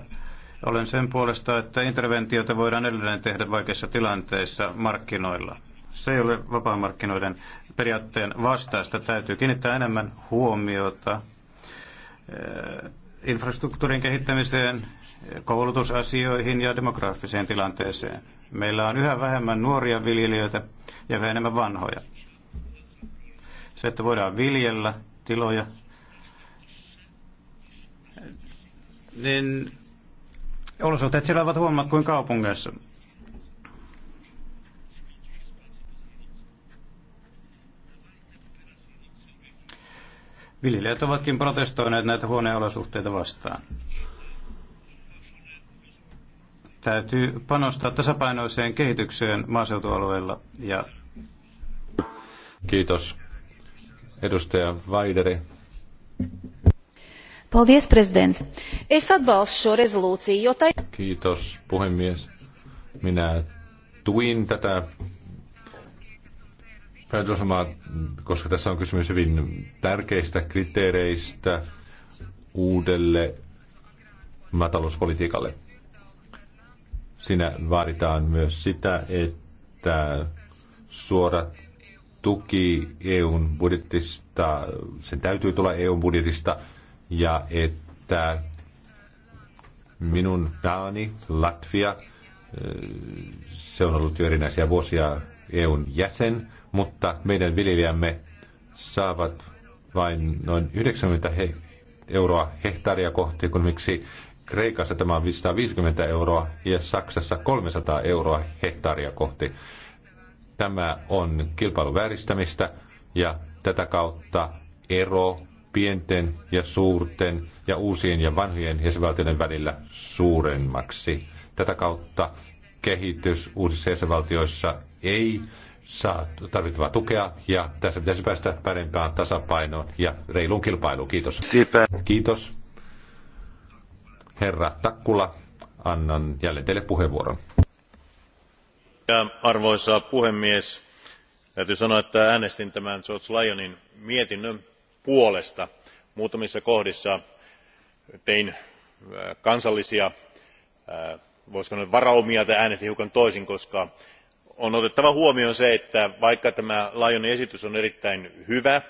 olen sen puolesta, että interventiota voidaan edelleen tehdä vaikeissa tilanteissa markkinoilla. Se ei ole vapaamarkkinoiden periaatteen vastaista. Täytyy kiinnittää enemmän huomiota eh, infrastruktuurin kehittämiseen, koulutusasioihin ja demograafiseen tilanteeseen. Meillä on yhä vähemmän nuoria viljelijöitä ja yhä enemmän vanhoja. Se, että voidaan viljellä tiloja, niin Olosuhteet siellä ovat huomat kuin kaupungeissa. Viljelijät ovatkin protestoineet näitä huoneolosuhteita vastaan. Täytyy panostaa tasapainoiseen kehitykseen maaseutualueilla ja Kiitos. Edustaja Vaideri. Paldies, prezident. Es atbalstu šo rezolūciju, jo tai... Kiitos, puhemies. Minä tuin tätä päätösamaa, koska tässä on kysymys hyvin tärkeistä kriteereistä uudelle maatalouspolitiikalle. Siinä vaaditaan myös sitä, että suora tuki EUn budjetista, sen täytyy tulla EUn budjetista – ja että minun Taani, Latvia, äh, se on ollut jo erinäisiä vuosia EUn jäsen, mutta meidän viljelijämme saavat vain noin 90 he- euroa hehtaaria kohti, kun miksi Kreikassa tämä on 550 euroa ja Saksassa 300 euroa hehtaaria kohti. Tämä on kilpailuvääristämistä ja tätä kautta ero pienten ja suurten ja uusien ja vanhojen jäsenvaltioiden välillä suuremmaksi. Tätä kautta kehitys uusissa jäsenvaltioissa ei saa tarvittavaa tukea ja tässä pitäisi päästä parempaan tasapainoon ja reiluun kilpailuun. Kiitos. Sipä. Kiitos. Herra Takkula, annan jälleen teille puheenvuoron. Arvoisa puhemies, täytyy sanoa, että äänestin tämän George Lyonin mietinnön puolesta. muutamissa kohdissa tein äh, kansallisia äh, voisiko sanoa varaumia tai äänestin hiukan toisin koska on otettava huomioon se että vaikka tämä lyonin esitys on erittäin hyvä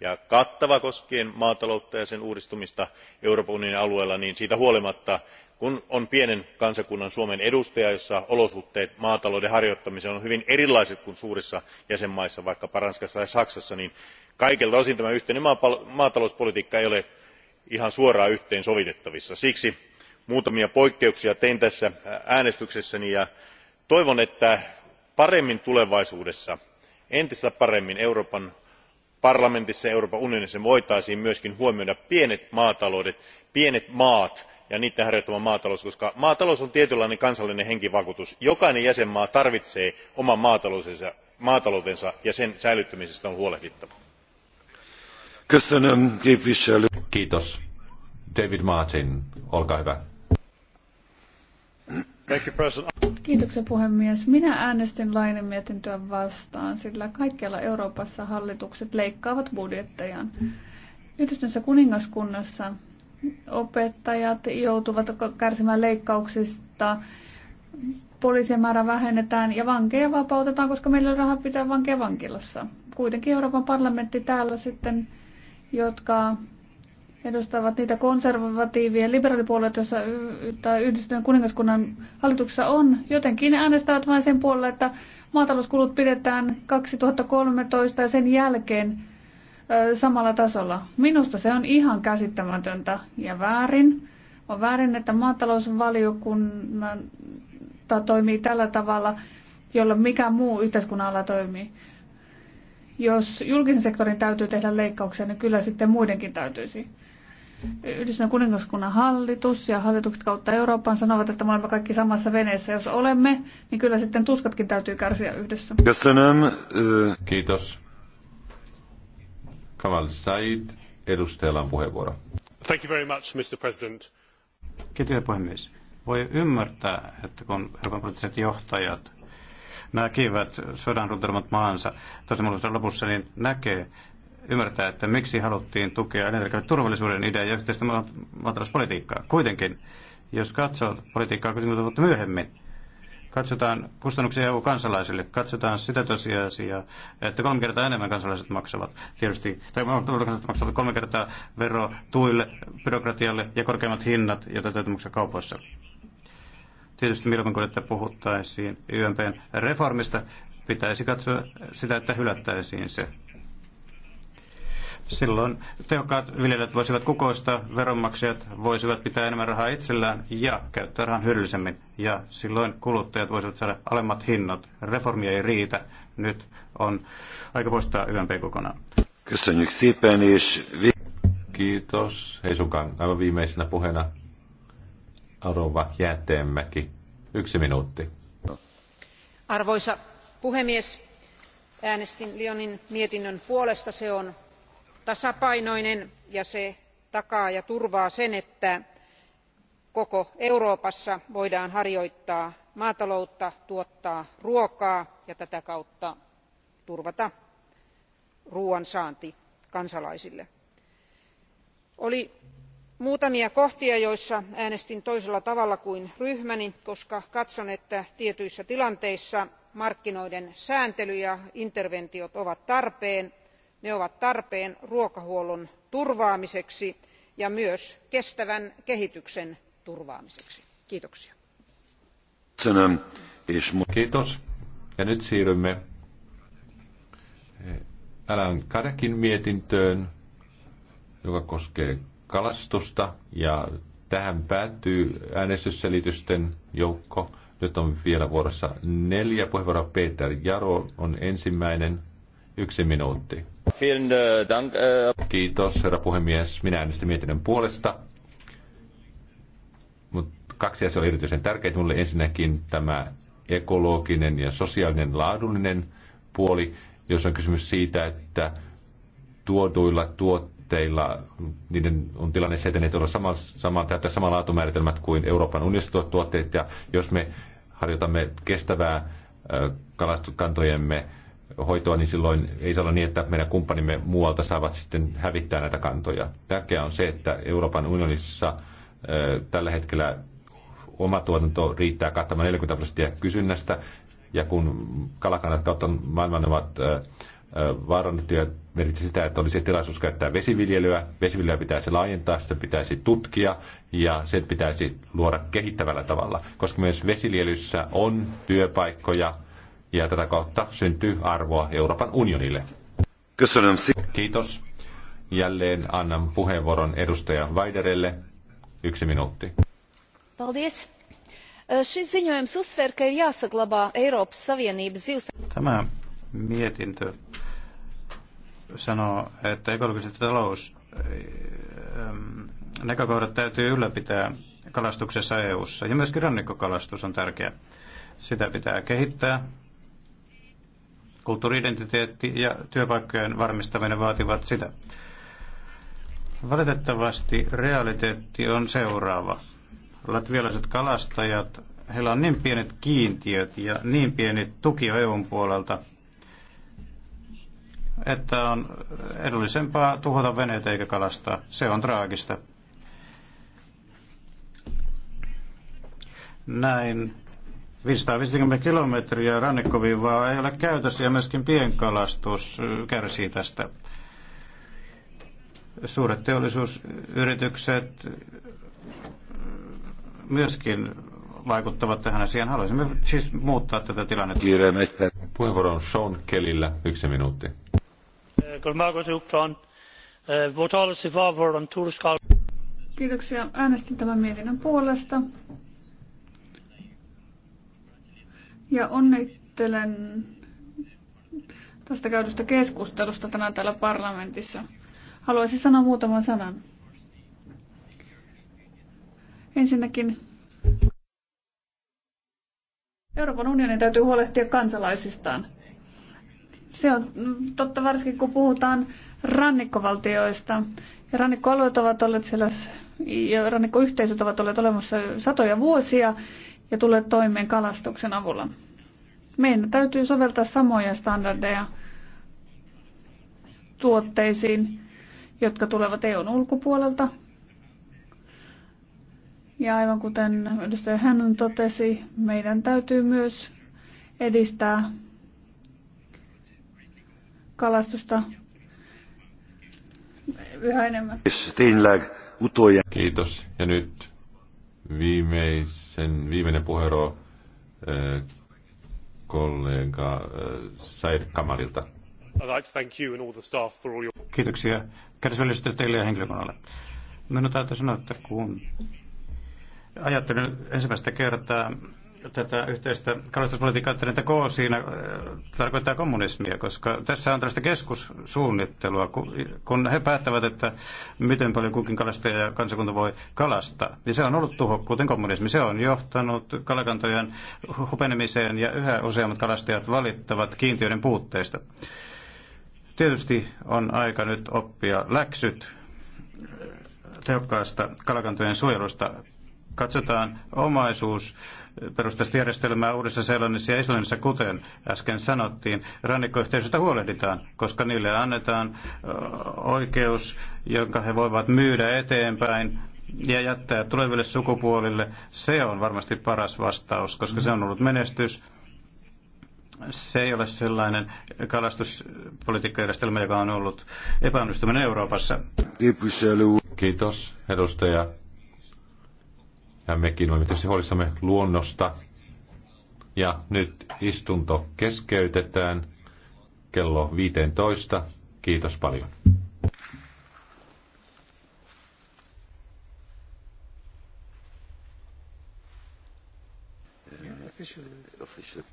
ja kattava koskien maataloutta ja sen uudistumista euroopan unionin alueella niin siitä huolimatta kun on pienen kansakunnan suomen edustaja jossa olosuhteet maatalouden harjoittamiseen ovat hyvin erilaiset kuin suurissa jäsenvaltioissa vaikkapa ranskassa tai saksassa niin kaikilta osin tämä yhteinen maatalouspolitiikka ei ole ihan suoraan yhteensovitettavissa. siksi muutamia poikkeuksia tein tässä äänestyksessäni ja toivon että paremmin tulevaisuudessa entistä paremmin euroopan parlamentissa ja euroopan unionissa voitaisiin myös huomioida pienet maataloudet pienet maat ja niiden harjoittama maatalous koska maatalous on tietynlainen kansallinen henkivakuutus. jokainen jäsenvaltio tarvitsee oman maataloutensa ja sen säilyttämisestä on huolehdittava. Kiitos. David Martin, olkaa hyvä. Kiitoksen puhemies. Minä äänestin Lainen mietintöä vastaan, sillä kaikkialla Euroopassa hallitukset leikkaavat budjettejaan. Yhdistyneessä kuningaskunnassa opettajat joutuvat kärsimään leikkauksista, poliisien määrä vähennetään ja vankeja vapautetaan, koska meillä on rahaa pitää vankeja vankilassa. Kuitenkin Euroopan parlamentti täällä sitten jotka edustavat niitä konservatiivien liberaalipuolueita, joissa yhdistyneen kuningaskunnan hallituksessa on. Jotenkin ne äänestävät vain sen puolella, että maatalouskulut pidetään 2013 ja sen jälkeen ö, samalla tasolla. Minusta se on ihan käsittämätöntä ja väärin. On väärin, että maatalousvaliokunta toimii tällä tavalla, jolla mikä muu yhteiskunnalla toimii. Jos julkisen sektorin täytyy tehdä leikkauksia, niin kyllä sitten muidenkin täytyisi. Yhdistyneen kuningaskunnan hallitus ja hallitukset kautta Euroopan sanovat, että me olemme kaikki samassa veneessä. Jos olemme, niin kyllä sitten tuskatkin täytyy kärsiä yhdessä. Kiitos. Kamal Said, edustajalla on puheenvuoro. Thank you very much, Mr. President. Kiitos puhemies. Voi ymmärtää, että kun Euroopan johtajat näkivät sodan runtelemat maansa tosimallisen lopussa, niin näkee, ymmärtää, että miksi haluttiin tukea turvallisuuden idea ja yhteistä maatalouspolitiikkaa. Kuitenkin, jos katsoo politiikkaa 20 vuotta myöhemmin, katsotaan kustannuksia EU-kansalaisille, katsotaan sitä tosiasiaa, että kolme kertaa enemmän kansalaiset maksavat tietysti, tai kansalaiset maksavat kolme kertaa verotuille, byrokratialle ja korkeimmat hinnat, joita täytyy maksaa kaupoissa tietysti milloin kun että puhuttaisiin YMPn reformista, pitäisi katsoa sitä, että hylättäisiin se. Silloin tehokkaat viljelijät voisivat kukoistaa, veronmaksajat voisivat pitää enemmän rahaa itsellään ja käyttää rahan hyödyllisemmin. Ja silloin kuluttajat voisivat saada alemmat hinnat. Reformi ei riitä. Nyt on aika poistaa YMP kokonaan. Kiitos. Hei sunkaan aivan viimeisenä puheena Arova Jäätteenmäki. Yksi minuutti. Arvoisa puhemies, äänestin Lyonin mietinnön puolesta. Se on tasapainoinen ja se takaa ja turvaa sen, että koko Euroopassa voidaan harjoittaa maataloutta, tuottaa ruokaa ja tätä kautta turvata ruoan saanti kansalaisille. Oli muutamia kohtia joissa äänestin toisella tavalla kuin ryhmäni koska katson että tietyissä tilanteissa markkinoiden sääntely ja interventiot ovat tarpeen ne ovat tarpeen ruokahuollon turvaamiseksi ja myös kestävän kehityksen turvaamiseksi. kiitoksia. Kiitos. Ja nyt siirrymme eh, Alan Kadakin mietintöön, joka koskee kalastusta ja tähän päättyy äänestysselitysten joukko. Nyt on vielä vuorossa neljä puheenvuoroa. Peter Jaro on ensimmäinen. Yksi minuutti. Äh, äh. Kiitos, herra puhemies. Minä äänestin mietinnön puolesta. Mut kaksi asiaa oli erityisen tärkeitä. minulle. Ensinnäkin tämä ekologinen ja sosiaalinen laadullinen puoli, jos on kysymys siitä, että tuoduilla tuotteilla tuotteilla, niiden on tilanne se, että ne ovat sama, sama, täyttää sama laatumääritelmät kuin Euroopan unionissa tuotteet, ja jos me harjoitamme kestävää kalastukantojemme hoitoa, niin silloin ei saa olla niin, että meidän kumppanimme muualta saavat sitten hävittää näitä kantoja. Tärkeää on se, että Euroopan unionissa tällä hetkellä oma tuotanto riittää kattamaan 40 prosenttia kysynnästä, ja kun kalakannat kautta maailman ovat vaarannettuja merkitsi sitä, että olisi tilaisuus käyttää vesiviljelyä. Vesiviljelyä pitäisi laajentaa, sitä pitäisi tutkia ja sen pitäisi luoda kehittävällä tavalla, koska myös vesiviljelyssä on työpaikkoja ja tätä kautta syntyy arvoa Euroopan unionille. Kiitos. Jälleen annan puheenvuoron edustaja Vaiderelle. Yksi minuutti. Paldies. Šis ziņojums uzsver, ka ir jāsaglabā Eiropas Savienības zivs. Tämä mietintö sanoo, että ekologiset talous ähm, näkökohdat täytyy ylläpitää kalastuksessa EU:ssa ja myöskin rannikkokalastus on tärkeä. Sitä pitää kehittää. Kulttuuriidentiteetti ja työpaikkojen varmistaminen vaativat sitä. Valitettavasti realiteetti on seuraava. Latvialaiset kalastajat, heillä on niin pienet kiintiöt ja niin pieni tuki EUn puolelta, että on edullisempaa tuhota veneet eikä kalastaa. Se on traagista. Näin 550 kilometriä rannikkoviivaa ei ole käytössä ja myöskin pienkalastus kärsii tästä. Suuret teollisuusyritykset myöskin vaikuttavat tähän asiaan. Haluaisimme siis muuttaa tätä tilannetta. Puheenvuoro on Sean Kelillä, yksi minuutti. Uh, Kiitoksia. Äänestin tämän mietinnön puolesta. Ja onnittelen tästä käydystä keskustelusta tänään täällä parlamentissa. Haluaisin sanoa muutaman sanan. Ensinnäkin Euroopan unionin täytyy huolehtia kansalaisistaan. Se on totta varsinkin, kun puhutaan rannikkovaltioista. Ja rannikkoalueet ovat olleet siellä, ja rannikkoyhteisöt ovat olleet olemassa satoja vuosia ja tulleet toimeen kalastuksen avulla. Meidän täytyy soveltaa samoja standardeja tuotteisiin, jotka tulevat EUn ulkopuolelta. Ja aivan kuten edustaja Hännon totesi, meidän täytyy myös edistää kalastusta yhä enemmän. Kiitos. Ja nyt viimeisen, viimeinen puheenvuoro äh, kollega äh, Said Kamalilta. Kiitoksia Kärsivällisesti teille ja henkilökunnalle. Minun täytyy sanoa, että kun ajattelin ensimmäistä kertaa tätä yhteistä kalastuspolitiikkaa että koo siinä äh, tarkoittaa kommunismia, koska tässä on tällaista keskussuunnittelua, kun he päättävät, että miten paljon kukin kalastaja ja kansakunta voi kalastaa. Niin se on ollut tuhokkuuten kommunismi. Se on johtanut kalakantojen hupenemiseen ja yhä useammat kalastajat valittavat kiintiöiden puutteista. Tietysti on aika nyt oppia läksyt äh, tehokkaasta kalakantojen suojelusta katsotaan omaisuus perusteista järjestelmää uudessa seelannissa ja Islannissa, kuten äsken sanottiin. Rannikkoyhteisöstä huolehditaan, koska niille annetaan oikeus, jonka he voivat myydä eteenpäin ja jättää tuleville sukupuolille. Se on varmasti paras vastaus, koska se on ollut menestys se ei ole sellainen kalastuspolitiikkajärjestelmä, joka on ollut epäonnistuminen Euroopassa. Kiitos, edustaja ja mekin olemme tietysti huolissamme luonnosta. Ja nyt istunto keskeytetään kello 15. Kiitos paljon. Official.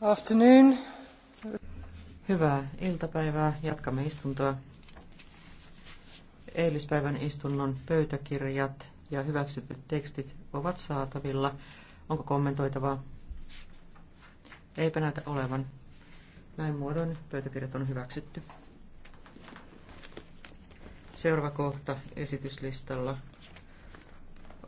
Afternoon. Hyvää iltapäivää. Jatkamme istuntoa. Eilispäivän istunnon pöytäkirjat ja hyväksytyt tekstit ovat saatavilla. Onko kommentoitavaa? Eipä näytä olevan. Näin muodoin pöytäkirjat on hyväksytty. Seuraava kohta esityslistalla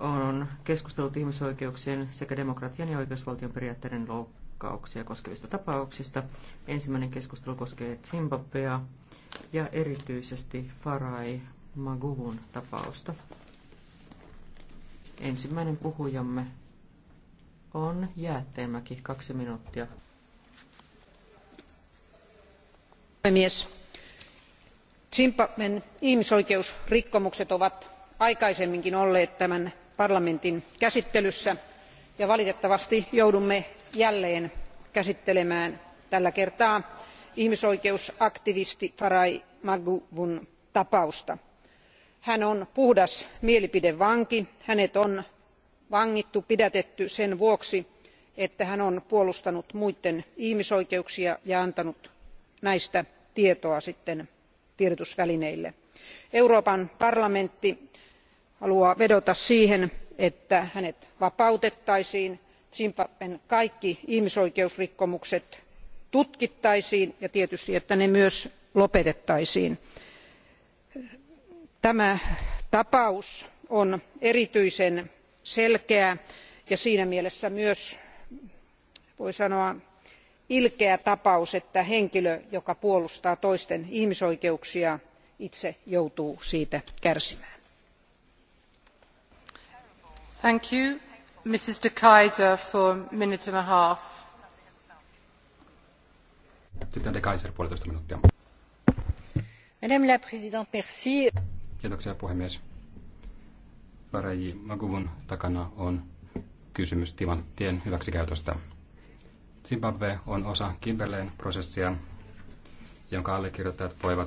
on keskustelut ihmisoikeuksien sekä demokratian ja oikeusvaltion periaatteiden loukkaamisesta raiskauksia koskevista tapauksista. Ensimmäinen keskustelu koskee Zimbabwea ja erityisesti Farai Maguvun tapausta. Ensimmäinen puhujamme on Jäätteenmäki, kaksi minuuttia. Puhemies, Zimbabwen ihmisoikeusrikkomukset ovat aikaisemminkin olleet tämän parlamentin käsittelyssä – ja valitettavasti joudumme jälleen käsittelemään tällä kertaa ihmisoikeusaktivisti farai maguwun tapausta. hän on puhdas mielipidevanki. hänet on vangittu pidätetty sen vuoksi että hän on puolustanut muiden ihmisoikeuksia ja antanut näistä tietoa sitten tiedotusvälineille. euroopan parlamentti haluaa vedota siihen että hänet vapautettaisiin zimbabwen kaikki ihmisoikeusrikkomukset tutkittaisiin ja tietysti että ne myös lopetettaisiin. tämä tapaus on erityisen selkeä ja siinä mielessä myös voi sanoa ilkeä tapaus että henkilö joka puolustaa toisten ihmisoikeuksia itse joutuu siitä kärsimään. Madame la Présidente, merci. Kiitoksia puhemies. Faraji Maguvun takana on kysymys timanttien hyväksikäytöstä. Zimbabwe on osa Kimberleyn prosessia, jonka allekirjoittajat voivat